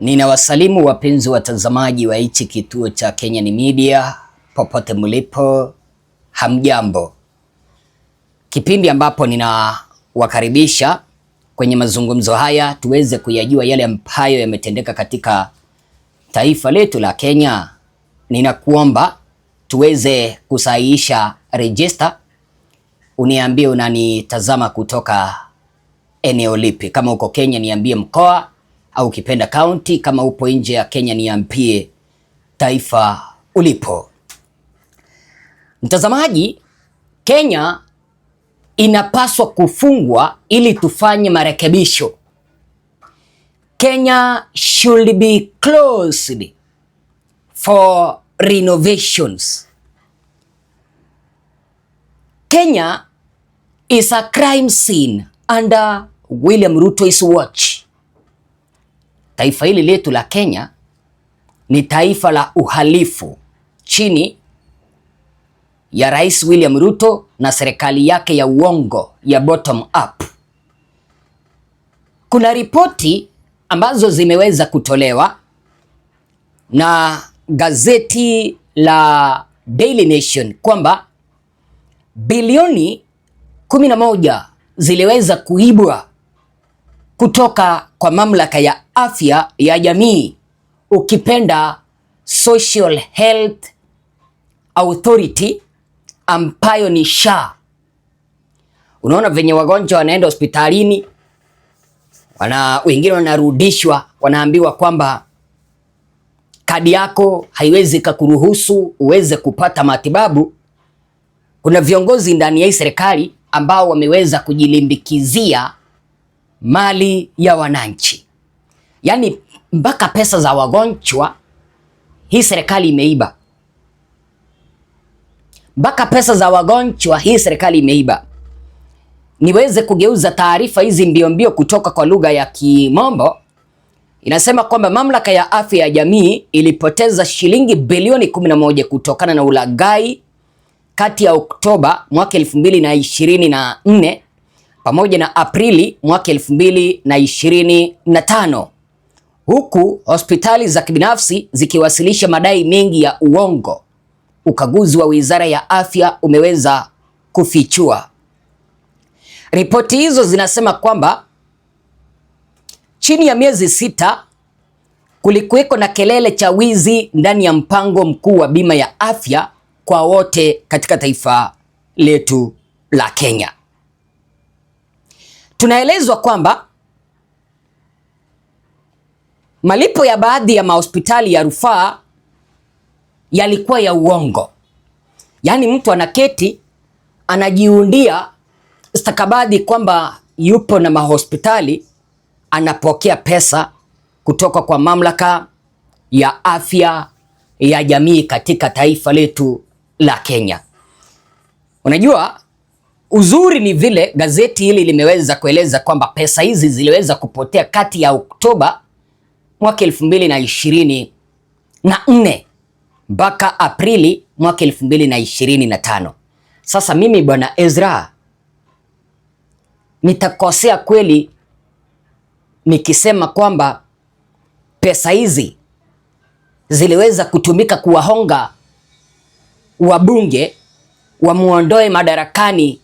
Ninawasalimu wapenzi watazamaji wa hichi kituo cha Kenyan Media popote mlipo, hamjambo. Kipindi ambapo ninawakaribisha kwenye mazungumzo haya tuweze kuyajua yale ambayo yametendeka katika taifa letu la Kenya. Ninakuomba tuweze kusahihisha rejista, uniambie unanitazama kutoka eneo lipi. Kama uko Kenya niambie mkoa au ukipenda kaunti. Kama upo nje ya Kenya, niambie taifa ulipo. Mtazamaji, Kenya inapaswa kufungwa ili tufanye marekebisho. Kenya should be closed for renovations. Kenya is a crime scene under William Ruto's watch taifa hili letu la Kenya ni taifa la uhalifu chini ya Rais William Ruto na serikali yake ya uongo ya bottom up. Kuna ripoti ambazo zimeweza kutolewa na gazeti la Daily Nation kwamba bilioni 11 ziliweza kuibwa kutoka kwa mamlaka ya afya ya jamii, ukipenda Social Health Authority ambayo ni SHA. Unaona venye wagonjwa wanaenda hospitalini wana, wengine wanarudishwa, wanaambiwa kwamba kadi yako haiwezi kakuruhusu uweze kupata matibabu. Kuna viongozi ndani ya hii serikali ambao wameweza kujilimbikizia mali ya wananchi. Yaani mpaka pesa za wagonjwa hii serikali imeiba, mpaka pesa za wagonjwa hii serikali imeiba. Niweze kugeuza taarifa hizi mbio mbio kutoka kwa lugha ya Kimombo, inasema kwamba mamlaka ya afya ya jamii ilipoteza shilingi bilioni 11 kutokana na ulaghai kati ya Oktoba mwaka 2024 pamoja na Aprili mwaka 2025 huku hospitali za kibinafsi zikiwasilisha madai mengi ya uongo. Ukaguzi wa Wizara ya Afya umeweza kufichua ripoti hizo. Zinasema kwamba chini ya miezi sita kulikuweko na kelele cha wizi ndani ya mpango mkuu wa bima ya afya kwa wote katika taifa letu la Kenya. Tunaelezwa kwamba Malipo ya baadhi ya mahospitali ya rufaa yalikuwa ya uongo, yaani mtu anaketi anajiundia stakabadhi kwamba yupo na mahospitali, anapokea pesa kutoka kwa mamlaka ya afya ya jamii katika taifa letu la Kenya. Unajua, uzuri ni vile gazeti hili limeweza kueleza kwamba pesa hizi ziliweza kupotea kati ya Oktoba mwaka elfu mbili na ishirini na nne mpaka Aprili mwaka elfu mbili na ishirini na tano. Sasa mimi bwana Ezra nitakosea kweli nikisema kwamba pesa hizi ziliweza kutumika kuwahonga wabunge wamwondoe madarakani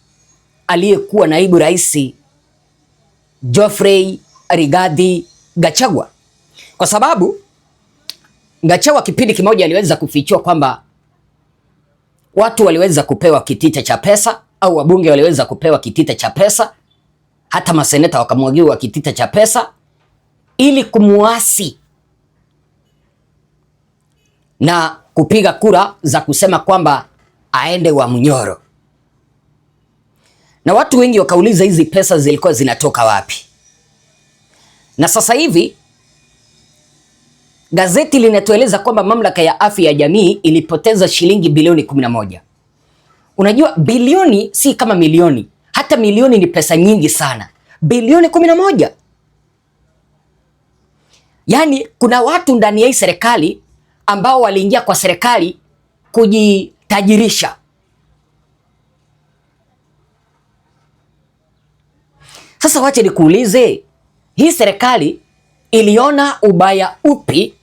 aliyekuwa naibu rais Geoffrey Rigathi Gachagua kwa sababu Ngachewa kipindi kimoja aliweza kufichua kwamba watu waliweza kupewa kitita cha pesa au wabunge waliweza kupewa kitita cha pesa, hata maseneta wakamwagiwa kitita cha pesa ili kumuasi na kupiga kura za kusema kwamba aende wa mnyoro, na watu wengi wakauliza hizi pesa zilikuwa zinatoka wapi? Na sasa hivi Gazeti linatueleza kwamba mamlaka ya afya ya jamii ilipoteza shilingi bilioni 11. Unajua bilioni si kama milioni, hata milioni ni pesa nyingi sana. Bilioni 11. Yaani kuna watu ndani ya hii serikali ambao waliingia kwa serikali kujitajirisha. Sasa wache nikuulize, hii serikali iliona ubaya upi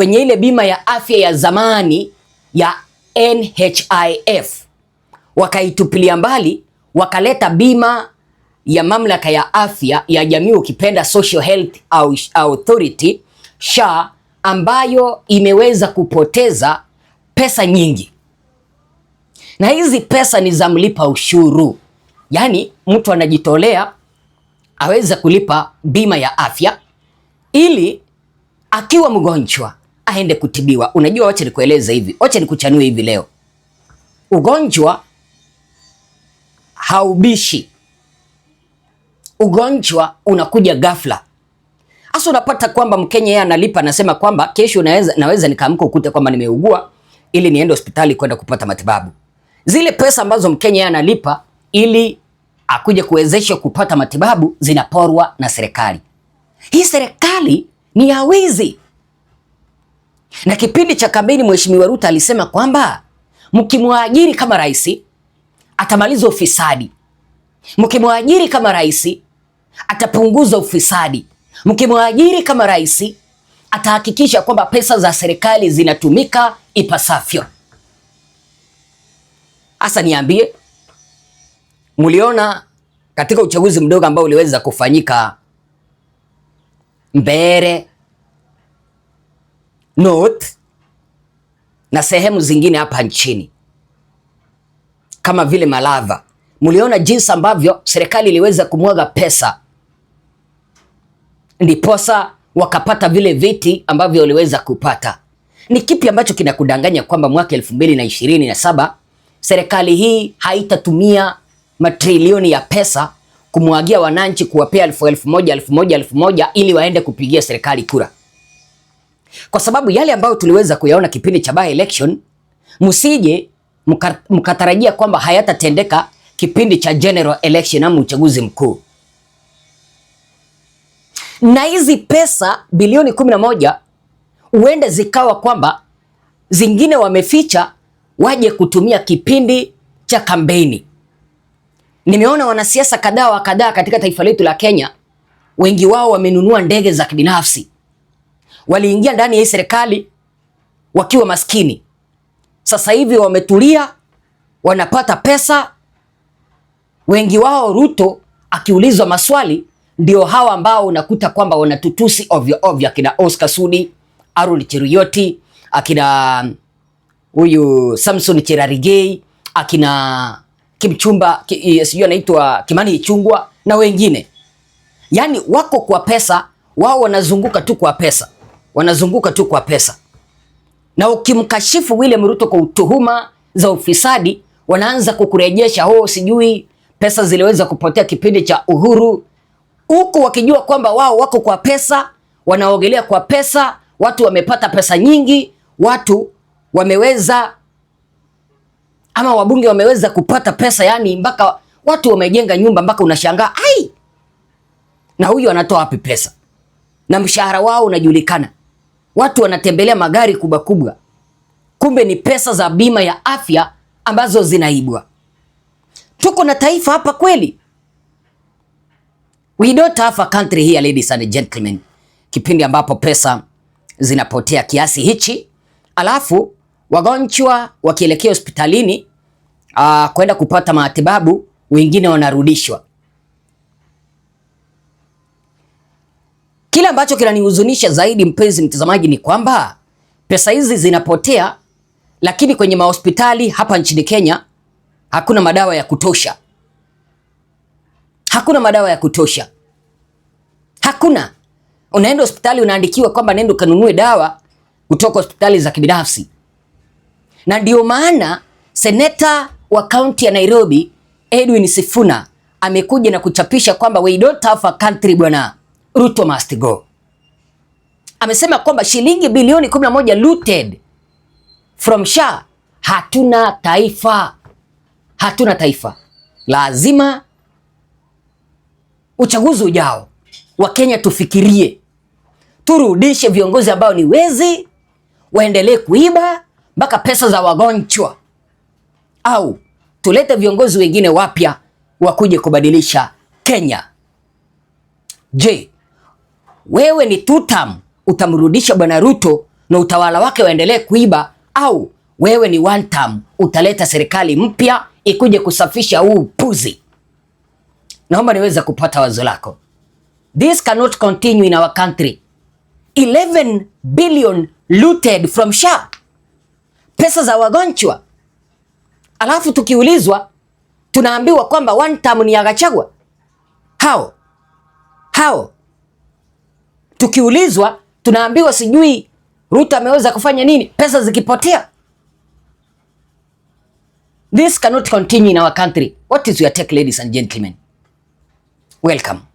kwenye ile bima ya afya ya zamani ya NHIF, wakaitupilia mbali, wakaleta bima ya mamlaka ya afya ya jamii, ukipenda Social Health Authority SHA, ambayo imeweza kupoteza pesa nyingi, na hizi pesa ni za mlipa ushuru. Yaani mtu anajitolea aweza kulipa bima ya afya ili akiwa mgonjwa aende kutibiwa. Unajua, wacha nikueleze hivi, wacha nikuchanue hivi leo, ugonjwa haubishi, ugonjwa unakuja ghafla. Hasa unapata kwamba Mkenya yeye analipa, anasema kwamba kesho naweza, naweza nikaamka ukute kwamba nimeugua ili niende hospitali kwenda kupata matibabu. Zile pesa ambazo Mkenya yeye analipa ili akuja kuwezesha kupata matibabu zinaporwa na serikali. Hii serikali ni ya wizi. Na kipindi cha kampeni Mheshimiwa Ruto alisema kwamba mkimwajiri kama rais atamaliza ufisadi, mkimwajiri kama rais atapunguza ufisadi, mkimwajiri kama rais atahakikisha kwamba pesa za serikali zinatumika ipasavyo. Hasa niambie, mliona katika uchaguzi mdogo ambao uliweza kufanyika mbere North na sehemu zingine hapa nchini kama vile Malava. Mliona jinsi ambavyo serikali iliweza kumwaga pesa ndiposa wakapata vile viti ambavyo waliweza kupata. Ni kipi ambacho kinakudanganya kwamba mwaka elfu mbili na ishirini na saba serikali hii haitatumia matrilioni ya pesa kumwagia wananchi, kuwapea elfu elfu moja elfu moja elfu moja ili waende kupigia serikali kura? kwa sababu yale ambayo tuliweza kuyaona kipindi cha by election, msije mkatarajia kwamba hayatatendeka kipindi cha general election ama uchaguzi mkuu. Na hizi pesa bilioni kumi moja huenda zikawa kwamba zingine wameficha waje kutumia kipindi cha kampeni. Nimeona wanasiasa kadhaa wa kadhaa katika taifa letu la Kenya, wengi wao wamenunua ndege za kibinafsi waliingia ndani ya hii serikali wakiwa maskini, sasa hivi wametulia, wanapata pesa. Wengi wao Ruto akiulizwa maswali ndio hawa ambao unakuta kwamba wanatutusi ovyo ovyo, akina Oscar Sudi, Aaron Cheruiyot, akina huyu Samson Cherarigei, akina Kimchumba, eh, sijui anaitwa Kimani Ichung'wa na wengine, yaani wako kwa pesa, wao wanazunguka tu kwa pesa wanazunguka tu kwa pesa, na ukimkashifu William Ruto kwa utuhuma za ufisadi wanaanza kukurejesha ho, oh, sijui pesa ziliweza kupotea kipindi cha Uhuru, huku wakijua kwamba wao wako kwa pesa, wanaogelea kwa pesa, watu wamepata pesa nyingi, watu wameweza ama wabunge wameweza kupata pesa, yani mpaka watu wamejenga nyumba mpaka unashangaa ai, na huyu anatoa wapi pesa? Na mshahara wao unajulikana watu wanatembelea magari kubwa kubwa, kumbe ni pesa za bima ya afya ambazo zinaibwa. Tuko na taifa hapa kweli? We don't have a country here, ladies and gentlemen. Kipindi ambapo pesa zinapotea kiasi hichi, alafu wagonjwa wakielekea hospitalini ah, kwenda kupata matibabu, wengine wanarudishwa Kile ambacho kinanihuzunisha zaidi, mpenzi mtazamaji, ni kwamba pesa hizi zinapotea, lakini kwenye mahospitali hapa nchini Kenya hakuna madawa ya kutosha, hakuna madawa ya kutosha, hakuna. Unaenda hospitali unaandikiwa kwamba nenda ukanunue dawa kutoka hospitali za kibinafsi, na ndio maana seneta wa kaunti ya Nairobi Edwin Sifuna amekuja na kuchapisha kwamba we don't have a country bwana. Ruto must go. Amesema kwamba shilingi bilioni 11 looted from SHA. Hatuna taifa, hatuna taifa. Lazima uchaguzi ujao wa kenya tufikirie, turudishe viongozi ambao ni wezi, waendelee kuiba mpaka pesa za wagonjwa, au tulete viongozi wengine wapya wakuje kubadilisha Kenya. Je, wewe ni tutam, utamrudisha bwana Ruto na utawala wake waendelee kuiba, au wewe ni one term, utaleta serikali mpya ikuje kusafisha huu puzi Naomba niweza kupata wazo lako. This cannot continue in our country. 11 billion looted from SHA, pesa za wagonjwa, alafu tukiulizwa tunaambiwa kwamba one term ni ya Gachagua. How? How? tukiulizwa tunaambiwa sijui Ruto ameweza kufanya nini, pesa zikipotea. This cannot continue in our country. What is your take, ladies and gentlemen? Welcome.